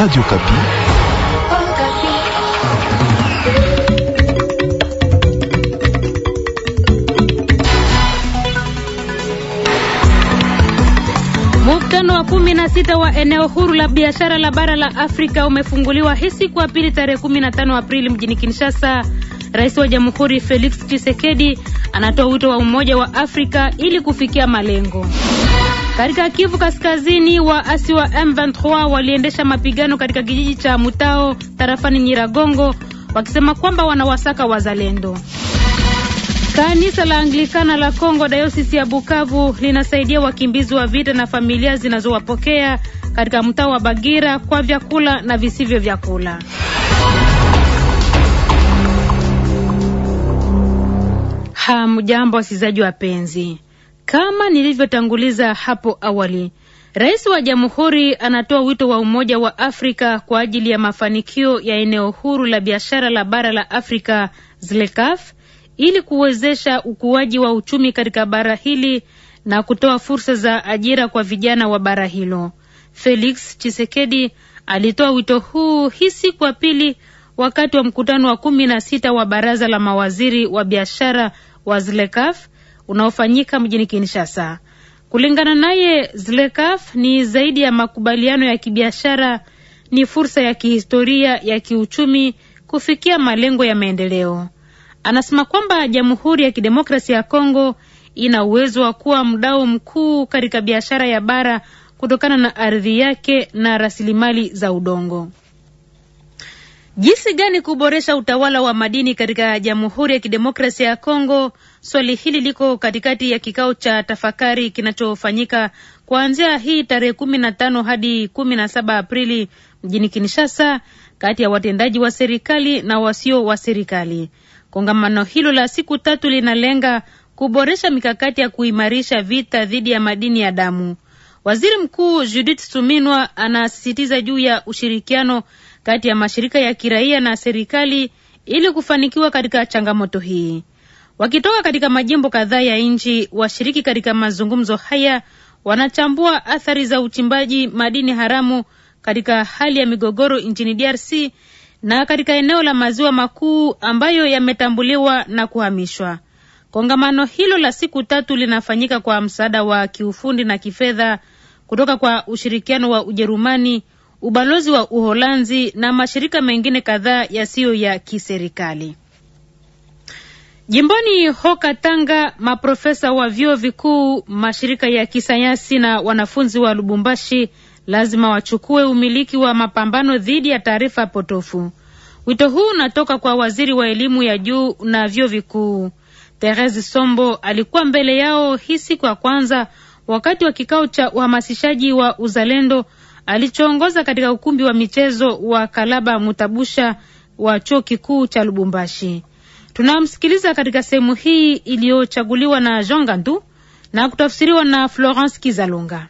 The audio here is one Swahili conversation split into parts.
Radio Kapi. Mkutano wa kumi na sita wa eneo huru la biashara la bara la Afrika umefunguliwa hii siku ya pili tarehe 15 Aprili mjini Kinshasa. Rais wa Jamhuri Felix Tshisekedi anatoa wito wa Umoja wa Afrika ili kufikia malengo. Katika Kivu Kaskazini, waasi wa M23 waliendesha mapigano katika kijiji cha Mutao tarafani Nyiragongo, wakisema kwamba wanawasaka wazalendo. Kanisa la Anglikana la Kongo dayosisi ya Bukavu linasaidia wakimbizi wa vita na familia zinazowapokea katika mtaa wa Bagira kwa vyakula na visivyo vyakula. Hamjambo wasikilizaji wapenzi. Kama nilivyotanguliza hapo awali, rais wa jamhuri anatoa wito wa Umoja wa Afrika kwa ajili ya mafanikio ya eneo huru la biashara la bara la Afrika ZLECAf ili kuwezesha ukuaji wa uchumi katika bara hili na kutoa fursa za ajira kwa vijana wa bara hilo. Felix Chisekedi alitoa wito huu hii siku ya pili wakati wa mkutano wa kumi na sita wa baraza la mawaziri wa biashara wa ZLECAf unaofanyika mjini Kinshasa. Kulingana naye, zlekaf ni zaidi ya makubaliano ya kibiashara, ni fursa ya kihistoria ya kiuchumi kufikia malengo ya maendeleo. Anasema kwamba Jamhuri ya Kidemokrasia ya Kongo ina uwezo wa kuwa mdau mkuu katika biashara ya bara kutokana na ardhi yake na rasilimali za udongo. Jinsi gani kuboresha utawala wa madini katika Jamhuri ya Kidemokrasia ya Kongo? Swali hili liko katikati ya kikao cha tafakari kinachofanyika kuanzia hii tarehe kumi na tano hadi kumi na saba Aprili mjini Kinshasa, kati ya watendaji wa serikali na wasio wa serikali. Kongamano hilo la siku tatu linalenga kuboresha mikakati ya kuimarisha vita dhidi ya madini ya damu. Waziri Mkuu Judith Suminwa anasisitiza juu ya ushirikiano kati ya mashirika ya kiraia na serikali ili kufanikiwa katika changamoto hii. Wakitoka katika majimbo kadhaa ya nchi, washiriki katika mazungumzo haya wanachambua athari za uchimbaji madini haramu katika hali ya migogoro nchini DRC na katika eneo la maziwa makuu ambayo yametambuliwa na kuhamishwa. Kongamano hilo la siku tatu linafanyika kwa msaada wa kiufundi na kifedha kutoka kwa ushirikiano wa Ujerumani, ubalozi wa Uholanzi na mashirika mengine kadhaa yasiyo ya kiserikali. Jimboni Hoka Tanga, maprofesa wa vyuo vikuu, mashirika ya kisayansi na wanafunzi wa Lubumbashi lazima wachukue umiliki wa mapambano dhidi ya taarifa potofu. Wito huu unatoka kwa waziri wa elimu ya juu na vyuo vikuu. Therese Sombo alikuwa mbele yao hii siku ya kwanza wakati wa kikao cha uhamasishaji wa uzalendo alichoongoza katika ukumbi wa michezo wa Kalaba Mutabusha wa chuo kikuu cha Lubumbashi. Tunamsikiliza katika sehemu hii iliyochaguliwa na Jean Gandu na kutafsiriwa na Florence Kizalunga.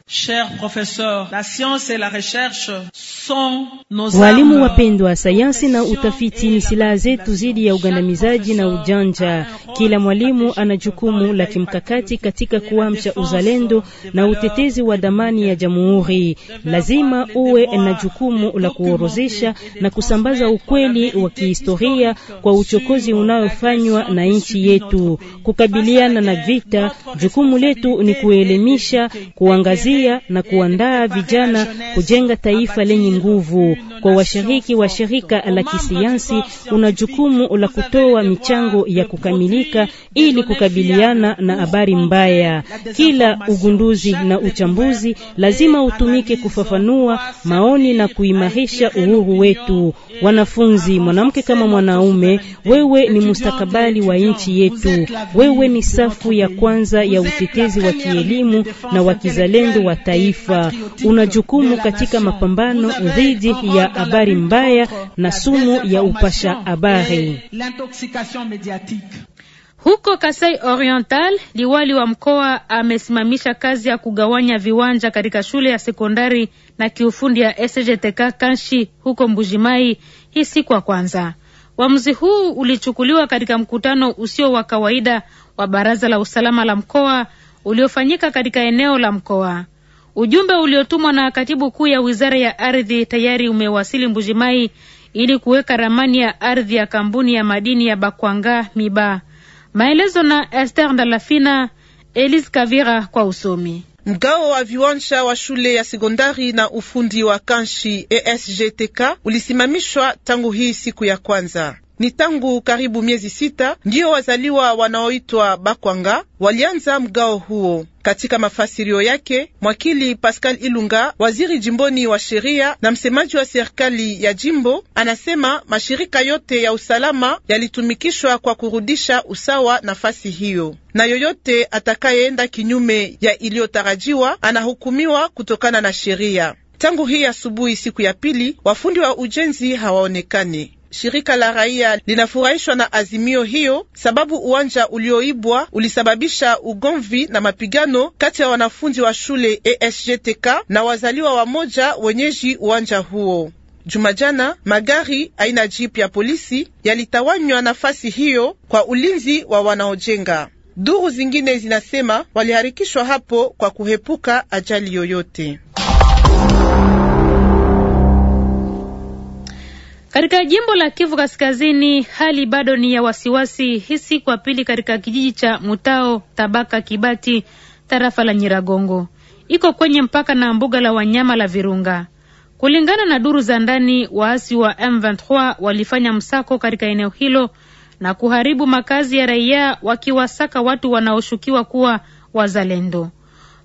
Walimu wapendwa, sayansi na utafiti ni silaha zetu dhidi ya ugandamizaji na ujanja. Kila mwalimu ana jukumu la kimkakati katika kuamsha uzalendo na utetezi wa dhamani ya jamhuri. Lazima uwe na jukumu la kuorozesha na kusambaza ukweli wa kihistoria kwa uchokozi unaofanywa na nchi yetu, kukabiliana na vita, jukumu letu yetu ni kuelimisha, kuangazia na kuandaa vijana kujenga taifa lenye nguvu. Kwa washiriki wa shirika la kisiyansi, una jukumu la kutoa michango ya kukamilika ili kukabiliana na habari mbaya. Kila ugunduzi na uchambuzi lazima utumike kufafanua maoni na kuimarisha uhuru wetu. Wanafunzi, mwanamke kama mwanaume, wewe ni mustakabali wa nchi yetu. Wewe ni safu ya kwanza ya utetezi utetezi wa kielimu na wa kizalendo wa taifa. Una jukumu katika mapambano dhidi ya habari mbaya na sumu ya upasha habari. Huko Kasai Oriental, liwali wa mkoa amesimamisha kazi ya kugawanya viwanja katika shule ya sekondari na kiufundi ya SGTK Kanshi huko Mbujimai hii siku ya kwanza. Uamuzi huu ulichukuliwa katika mkutano usio wa kawaida wa baraza la usalama la mkoa uliofanyika katika eneo la mkoa. Ujumbe uliotumwa na katibu kuu ya wizara ya ardhi tayari umewasili Mbujimai ili kuweka ramani ya ardhi ya kampuni ya madini ya Bakwanga Miba. Maelezo na Esther Ndalafina, Elise Kavira kwa usomi. Mgao wa viwanja wa shule ya sekondari na ufundi wa Kanshi ESGTK ulisimamishwa tangu hii siku ya kwanza. Ni tangu karibu miezi sita ndiyo wazaliwa wanaoitwa Bakwanga walianza mgao huo. Katika mafasirio yake, mwakili Pascal Ilunga, waziri jimboni wa sheria na msemaji wa serikali ya jimbo, anasema mashirika yote ya usalama yalitumikishwa kwa kurudisha usawa nafasi hiyo, na yoyote atakayeenda kinyume ya iliyotarajiwa anahukumiwa kutokana na sheria. Tangu hii asubuhi, siku ya pili, wafundi wa ujenzi hawaonekani. Shirika la raia linafurahishwa na azimio hiyo, sababu uwanja ulioibwa ulisababisha ugomvi na mapigano kati ya wanafunzi wa shule ESJTK na wazaliwa wamoja wenyeji uwanja huo. Jumajana magari aina jeep ya polisi yalitawanywa nafasi hiyo kwa ulinzi wa wanaojenga. Duru zingine zinasema waliharikishwa hapo kwa kuhepuka ajali yoyote. Katika jimbo la Kivu Kaskazini, hali bado ni ya wasiwasi hii siku ya pili katika kijiji cha Mutao, tabaka Kibati, tarafa la Nyiragongo. Iko kwenye mpaka na mbuga la wanyama la Virunga. Kulingana na duru za ndani, waasi wa M23 walifanya msako katika eneo hilo na kuharibu makazi ya raia, wakiwasaka watu wanaoshukiwa kuwa wazalendo.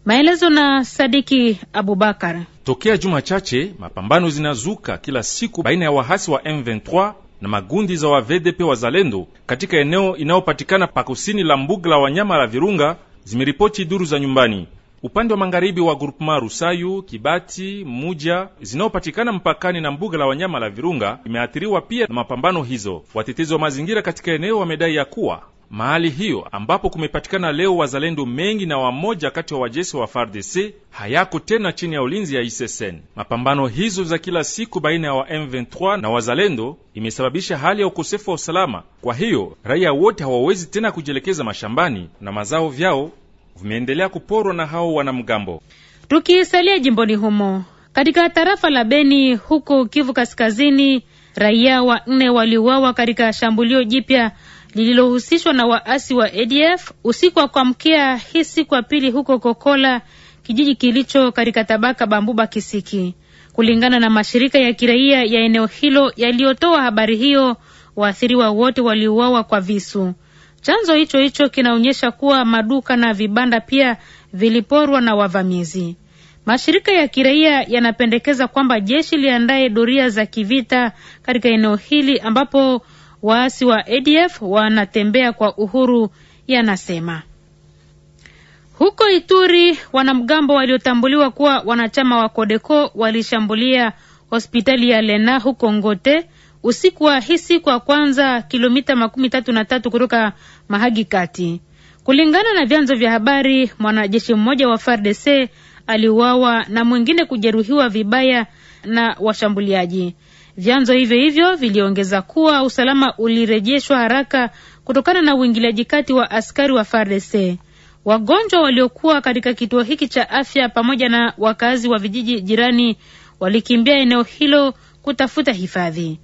Maelezo na Sadiki Abubakar. Tokea juma chache mapambano zinazuka kila siku baina ya wahasi wa M23 na magundi za wa zalendo wazalendo katika eneo inayopatikana pa kusini la mbuga la wanyama la Virunga, zimeripoti duru za nyumbani upande wa magharibi wa grupema Rusayu, Kibati, Muja zinaopatikana mpakani na mbuga la wanyama la Virunga imeathiriwa pia na mapambano hizo. Watetezi wa mazingira katika eneo wamedai ya kuwa mahali hiyo ambapo kumepatikana leo wazalendo mengi na wamoja kati ya wajeshi wa FARDC hayako tena chini ya ulinzi ya ISSN. Mapambano hizo za kila siku baina ya wa M23 na wazalendo imesababisha hali ya ukosefu wa usalama. Kwa hiyo raia wote hawawezi tena kujielekeza mashambani na mazao vyao vimeendelea kuporwa na hao wanamgambo. Tukisalia jimboni humo, katika tarafa la Beni huko Kivu Kaskazini, raia wanne waliuawa katika shambulio jipya lililohusishwa na waasi wa ADF usiku wa kuamkia hii siku ya pili huko Kokola, kijiji kilicho katika tabaka Bambuba Kisiki. Kulingana na mashirika ya kiraia ya eneo hilo yaliyotoa habari hiyo, waathiriwa wote waliuawa kwa visu. Chanzo hicho hicho kinaonyesha kuwa maduka na vibanda pia viliporwa na wavamizi. Mashirika ya kiraia yanapendekeza kwamba jeshi liandaye doria za kivita katika eneo hili ambapo waasi wa ADF wanatembea kwa uhuru, yanasema. Huko Ituri, wanamgambo waliotambuliwa kuwa wanachama wa Kodeko walishambulia hospitali ya Lena huko Ngote usiku wa hii siku ya kwanza, kilomita makumi tatu na tatu kutoka Mahagi kati. Kulingana na vyanzo vya habari, mwanajeshi mmoja wa FARDC aliuawa na mwingine kujeruhiwa vibaya na washambuliaji. Vyanzo hivyo hivyo viliongeza kuwa usalama ulirejeshwa haraka kutokana na uingiliaji kati wa askari wa FARDC. Wagonjwa waliokuwa katika kituo hiki cha afya pamoja na wakazi wa vijiji jirani walikimbia eneo hilo kutafuta hifadhi.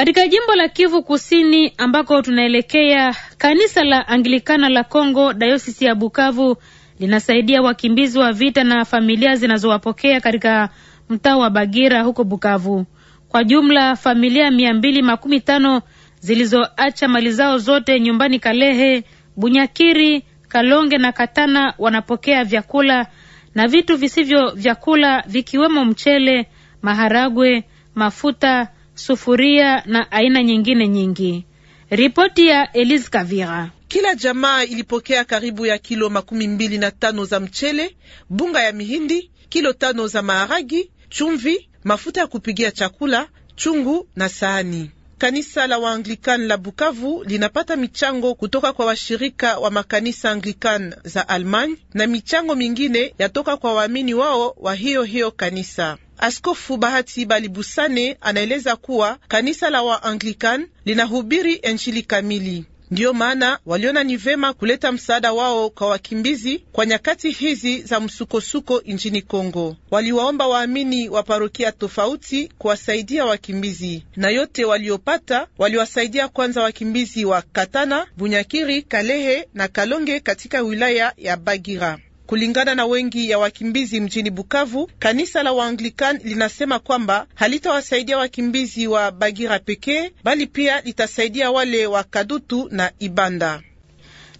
Katika jimbo la Kivu Kusini ambako tunaelekea, kanisa la Anglikana la Kongo dayosisi ya Bukavu linasaidia wakimbizi wa vita na familia zinazowapokea katika mtaa wa Bagira huko Bukavu. Kwa jumla familia mia mbili makumi tano zilizoacha mali zao zote nyumbani Kalehe, Bunyakiri, Kalonge na Katana wanapokea vyakula na vitu visivyo vyakula vikiwemo mchele, maharagwe, mafuta sufuria na aina nyingine nyingi. Ripoti ya Elise Kavira. Kila jamaa ilipokea karibu ya kilo makumi mbili na tano za mchele, bunga ya mihindi, kilo tano za maharagi, chumvi, mafuta ya kupigia chakula, chungu na sahani. Kanisa la Waanglikan la Bukavu linapata michango kutoka kwa washirika wa makanisa Anglikan za allemagne na michango mingine yatoka kwa waamini wao wa hiyo hiyo kanisa. Askofu Bahati Balibusane anaeleza kuwa kanisa la Waanglikan linahubiri Injili kamili. Ndiyo maana waliona ni vema kuleta msaada wao kwa wakimbizi kwa nyakati hizi za msukosuko nchini Kongo. Waliwaomba waamini wa parokia tofauti kuwasaidia wakimbizi, na yote waliopata waliwasaidia kwanza wakimbizi wa Katana, Bunyakiri, Kalehe na Kalonge katika wilaya ya Bagira. Kulingana na wengi ya wakimbizi mjini Bukavu, kanisa la Waanglikan linasema kwamba halitawasaidia wakimbizi wa Bagira pekee, bali pia litasaidia wale wa Kadutu na Ibanda.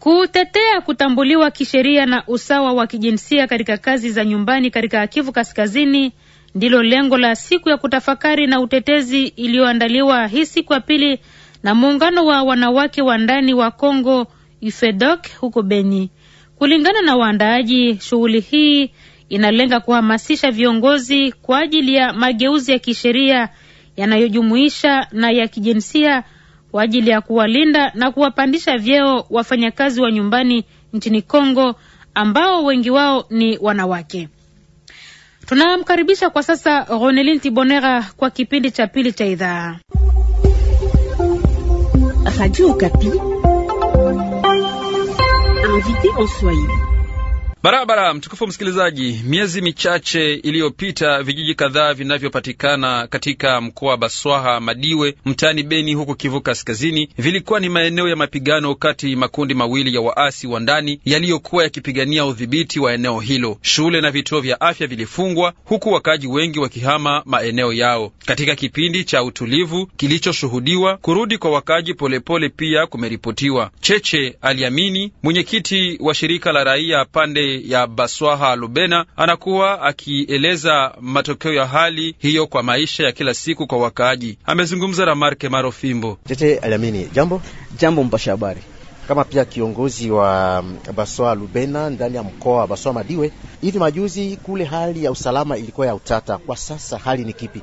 Kutetea kutambuliwa kisheria na usawa wa kijinsia katika kazi za nyumbani katika Kivu Kaskazini ndilo lengo la siku ya kutafakari na utetezi iliyoandaliwa hii siku ya pili na muungano wa wanawake wa ndani wa Kongo IFEDOK huko Beni. Kulingana na waandaaji, shughuli hii inalenga kuhamasisha viongozi kwa ajili ya mageuzi ya kisheria yanayojumuisha na ya kijinsia kwa ajili ya kuwalinda na kuwapandisha vyeo wafanyakazi wa nyumbani nchini Kongo ambao wengi wao ni wanawake. Tunamkaribisha kwa sasa Ronelin Tibonera kwa kipindi cha pili cha idhaa Radio Okapi. invité en soirée. Barabara, mtukufu msikilizaji, miezi michache iliyopita vijiji kadhaa vinavyopatikana katika mkoa wa Baswaha Madiwe mtaani Beni huko Kivu Kaskazini vilikuwa ni maeneo ya mapigano kati makundi mawili ya waasi wa ndani yaliyokuwa yakipigania udhibiti wa eneo hilo. Shule na vituo vya afya vilifungwa huku wakaaji wengi wakihama maeneo yao. Katika kipindi cha utulivu kilichoshuhudiwa, kurudi kwa wakaaji polepole pia kumeripotiwa. Cheche Aliamini, mwenyekiti wa shirika la raia pande ya Baswaha Lubena anakuwa akieleza matokeo ya hali hiyo kwa maisha ya kila siku kwa wakaaji. Amezungumza na Marke Fimbo. Tete Alamini, jambo jambo, mpasha habari kama pia kiongozi wa Baswaha Lubena ndani ya mkoa wa Baswaha Madiwe. Hivi majuzi kule hali ya usalama ilikuwa ya utata, kwa sasa hali ni kipi?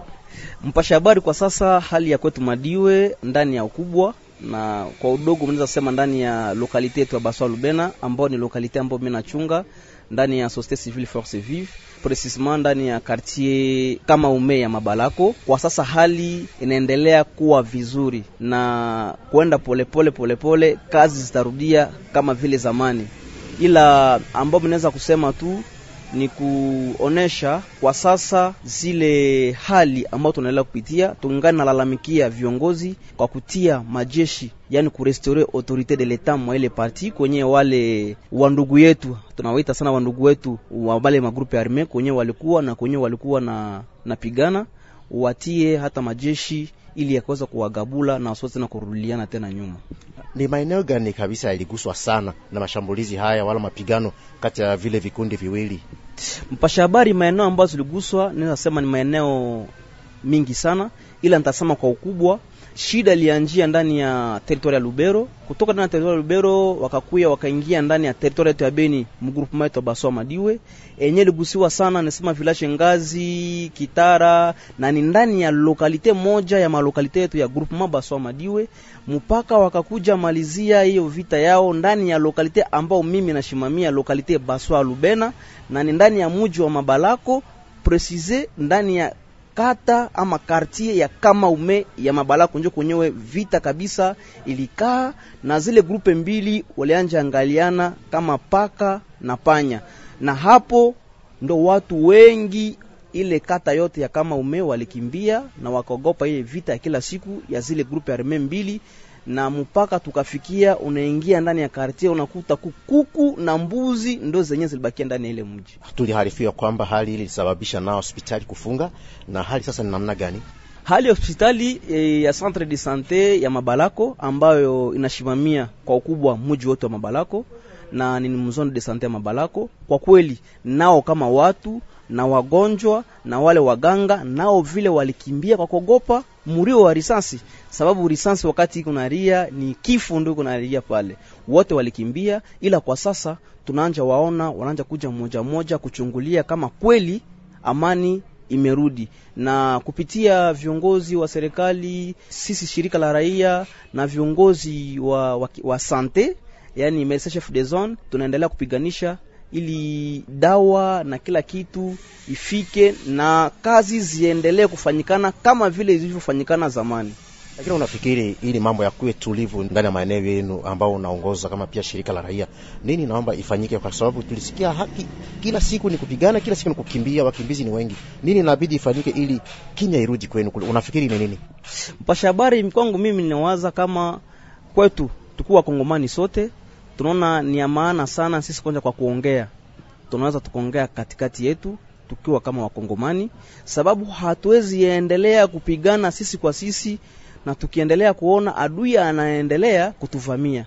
Mpasha habari, kwa sasa hali ya kwetu Madiwe ndani ya ukubwa na kwa udogo mnaweza sema ndani ya lokalite yetu ya Baswa Lubena, ambao ni lokalite ambayo mimi nachunga ndani ya Societe Civile Force Vive, precisement ndani ya quartier kama ume ya Mabalako. Kwa sasa hali inaendelea kuwa vizuri na kuenda polepole polepole pole, kazi zitarudia kama vile zamani, ila ambao mnaweza kusema tu ni kuonesha kwa sasa zile hali ambayo tunaendelea kupitia, tungana nalalamikia viongozi kwa kutia majeshi, yani kurestore autorite de leta mwa ile parti kwenye wale wandugu yetu tunawaita sana wandugu wetu wa wale magrupe arme kwenye walikuwa na kwenye walikuwa na napigana, watie hata majeshi ili yakaweza kuwagabula na wasiweze na kurudiana tena nyuma. Ni maeneo gani kabisa yaliguswa sana na mashambulizi haya wala mapigano kati ya vile vikundi viwili? Mpasha habari, maeneo ambayo ziliguswa naweza sema ni maeneo mingi sana, ila nitasema kwa ukubwa shida ilianjia ndani ya teritori ya Lubero. Kutoka ndani ya teritori ya Lubero wakakuya wakaingia ndani ya teritori yetu ya Beni, mgrupu yetu Basoa Madiwe enye ligusiwa sana, nasema vilashe Ngazi, Kitara na ni ndani ya lokalite moja ya malokalite yetu ya ma Basoa Madiwe, mpaka wakakuja malizia hiyo vita yao ndani ya lokalite ambao mimi nashimamia lokalite Basoa Lubena, na ni ndani ya muji wa Mabalako precise ndani ya kata ama kartie ya kama ume ya mabala njo kwenyewe vita kabisa ilikaa, na zile grupe mbili walianja angaliana kama paka na panya, na hapo ndo watu wengi ile kata yote ya kama ume walikimbia na wakaogopa ile vita ya kila siku ya zile grupe arme mbili na mpaka tukafikia, unaingia ndani ya kartier unakuta kuku na mbuzi ndo zenye zilibakia ndani ya ile mji. Tuliharifiwa kwamba hali ili ilisababisha nao hospitali kufunga, na hali sasa ni namna gani? Hali ya hospitali e, ya centre de sante ya Mabalako ambayo inashimamia kwa ukubwa mji wote wa Mabalako na ni mzone de sante ya Mabalako, kwa kweli nao kama watu na wagonjwa na wale waganga nao vile walikimbia kwa kuogopa murio wa risasi, sababu risasi wakati kuna ria ni kifo, ndio kuna ria pale, wote walikimbia, ila kwa sasa tunaanja waona wanaanja kuja mmoja mmoja kuchungulia kama kweli amani imerudi na kupitia viongozi wa serikali, sisi shirika la raia na viongozi wa, wa, wa sante, yani medecin chef de zone, tunaendelea kupiganisha ili dawa na kila kitu ifike na kazi ziendelee kufanyikana kama vile zilivyofanyikana zamani. Lakini unafikiri ili mambo ya kuwe tulivu ndani ya maeneo yenu ambao unaongoza kama pia shirika la raia, nini naomba ifanyike? Kwa sababu tulisikia haki kila siku ni kupigana, kila siku ni kukimbia, wakimbizi ni wengi. Nini inabidi ifanyike ili kinya irudi kwenu kule? Unafikiri ni nini? Mpasha habari kwangu mimi ninawaza kama kwetu tukuwa kongomani sote tunaona ni ya maana sana sisi kwanza kwa kuongea, tunaweza tukaongea katikati yetu tukiwa kama Wakongomani, sababu hatuwezi endelea kupigana sisi kwa sisi na tukiendelea kuona adui anaendelea kutuvamia.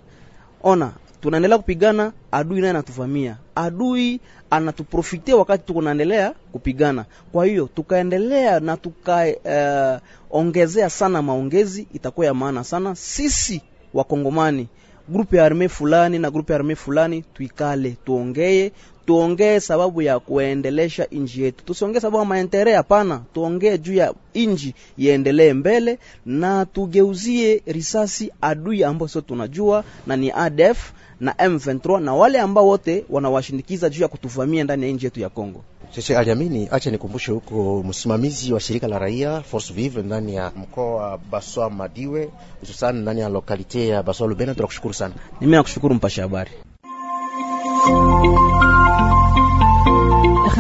Ona, tunaendelea kupigana, adui naye anatuvamia. Adui anatuprofitia wakati tuko naendelea kupigana. Kwa hiyo tukaendelea na tukaongezea eh, uh, sana maongezi, itakuwa ya maana sana sisi Wakongomani grupu ya arme fulani na grupu ya arme fulani tuikale tuongee tuongee sababu ya kuendelesha inji yetu, tusiongee sababu ya maendeleo Hapana, tuongee juu ya inji iendelee mbele, na tugeuzie risasi adui ambao sio tunajua, na ni ADF na M23 na wale ambao wote wanawashindikiza juu ya kutuvamia ndani ya inji yetu ya Kongo. Cheche aliamini, acha nikumbushe huko, msimamizi wa shirika la raia Force Vive ndani ya mkoa wa Baswa Madiwe, hususan ndani ya lokalite ya Baswa Lubena. Tunakushukuru sana. Mimi nakushukuru mpasha habari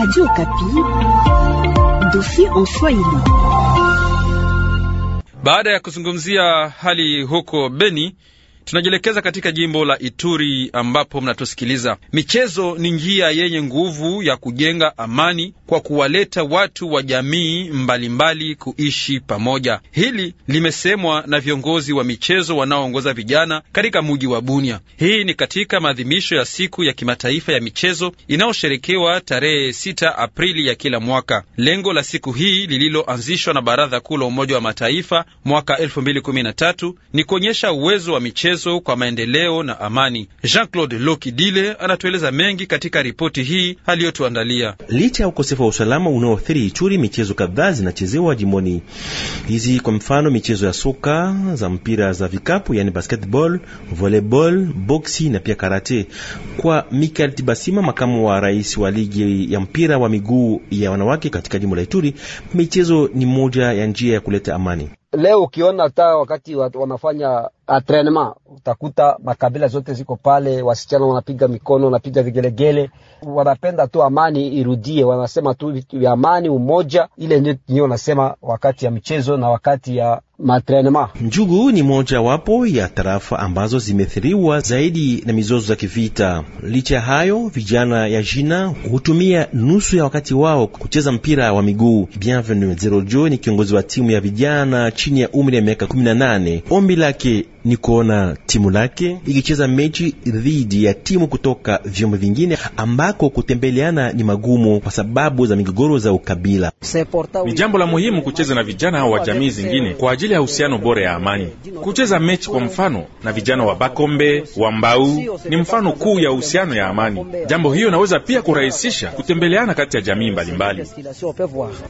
Radio Kapi, dossier en Swahili. Baada ya kuzungumzia hali huko Beni Tunajielekeza katika jimbo la Ituri ambapo mnatusikiliza. Michezo ni njia yenye nguvu ya kujenga amani kwa kuwaleta watu wa jamii mbalimbali kuishi pamoja. Hili limesemwa na viongozi wa michezo wanaoongoza vijana katika muji wa Bunia. Hii ni katika maadhimisho ya siku ya kimataifa ya michezo inayosherekewa tarehe 6 Aprili ya kila mwaka. Lengo la siku hii lililoanzishwa na Baraza Kuu la Umoja wa Mataifa mwaka 2013 ni kuonyesha uwezo wa michezo uwezo kwa maendeleo na amani. Jean-Claude Lokidile anatueleza mengi katika ripoti hii aliyotuandalia. Licha ya ukosefu wa usalama unaoathiri Ichuri, michezo kadhaa zinachezewa jimboni hizi, kwa mfano michezo ya soka, za mpira za vikapu, yani basketball, volleyball, boksi na pia karate. Kwa mikael Tibasima, makamu wa rais wa ligi ya mpira wa miguu ya wanawake katika jimbo la Ituri, michezo ni moja ya njia ya kuleta amani leo ukiona hata wakati wanafanya atrenema ah, utakuta makabila zote ziko pale, wasichana wanapiga mikono, wanapiga vigelegele, wanapenda tu amani irudie, wanasema tu vitu vya amani, umoja. Ile ndio wanasema wakati ya mchezo na wakati ya matrenema. Njugu ni moja wapo ya tarafa ambazo zimethiriwa zaidi na mizozo za kivita. Licha ya hayo, vijana ya jina hutumia nusu ya wakati wao kucheza mpira wa miguu. Bienvenue Zerojo ni kiongozi wa timu ya vijana chini ya umri ya miaka 18. Ombi lake ni kuona timu lake ikicheza mechi dhidi ya timu kutoka vyombo vingine ambako kutembeleana ni magumu kwa sababu za migogoro za ukabila. Ni jambo la muhimu kucheza na vijana hao wa jamii zingine kwa ajili ya uhusiano bora ya amani. Kucheza mechi kwa mfano na vijana wa Bakombe wa Mbau ni mfano kuu ya uhusiano ya amani. Jambo hiyo inaweza pia kurahisisha kutembeleana kati ya jamii mbalimbali mbali.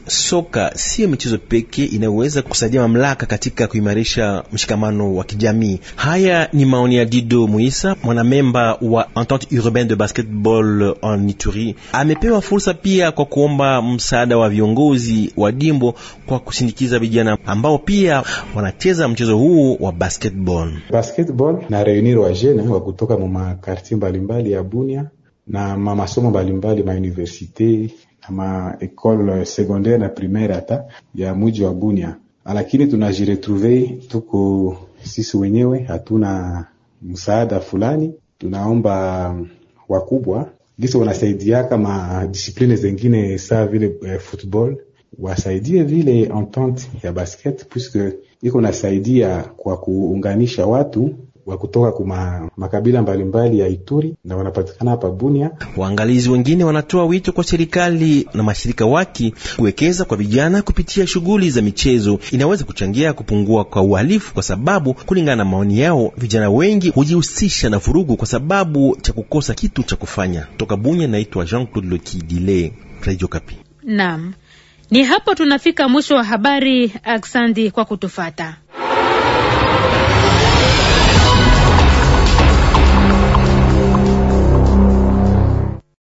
Soka siyo michezo pekee inayoweza kusaidia mamlaka katika kuimarisha mshikamano wa kijamii jamii. Haya ni maoni ya Dido Muisa, mwanamemba wa Entente Urbaine de Basketball en Ituri. Amepewa fursa pia kwa kuomba msaada wa viongozi wa dimbo kwa kusindikiza vijana ambao pia wanacheza mchezo huu wa basketball. Basketball na reunir wa jene wa kutoka mumakartie mbalimbali ya Bunia na mamasomo mbalimbali mauniversite na maekole secondaire na primaire hata ya muji wa Bunia, lakini tunajiretrouve tuko sisi wenyewe hatuna msaada fulani. Tunaomba wakubwa gisi wanasaidia kama disipline zengine saa vile eh, football wasaidie vile entente ya basket puisque iko nasaidia kwa kuunganisha watu wa kutoka kuma makabila mbalimbali mbali ya Ituri na wanapatikana hapa Bunia. Waangalizi wengine wanatoa wito kwa serikali na mashirika wake kuwekeza kwa vijana kupitia shughuli za michezo, inaweza kuchangia kupungua kwa uhalifu, kwa sababu kulingana na maoni yao vijana wengi hujihusisha na vurugu kwa sababu cha kukosa kitu cha kufanya. Toka Bunia, naitwa Jean Claude Lokidile, Radio Kapi. Naam, ni hapo tunafika mwisho wa habari. Aksandi kwa kutufata.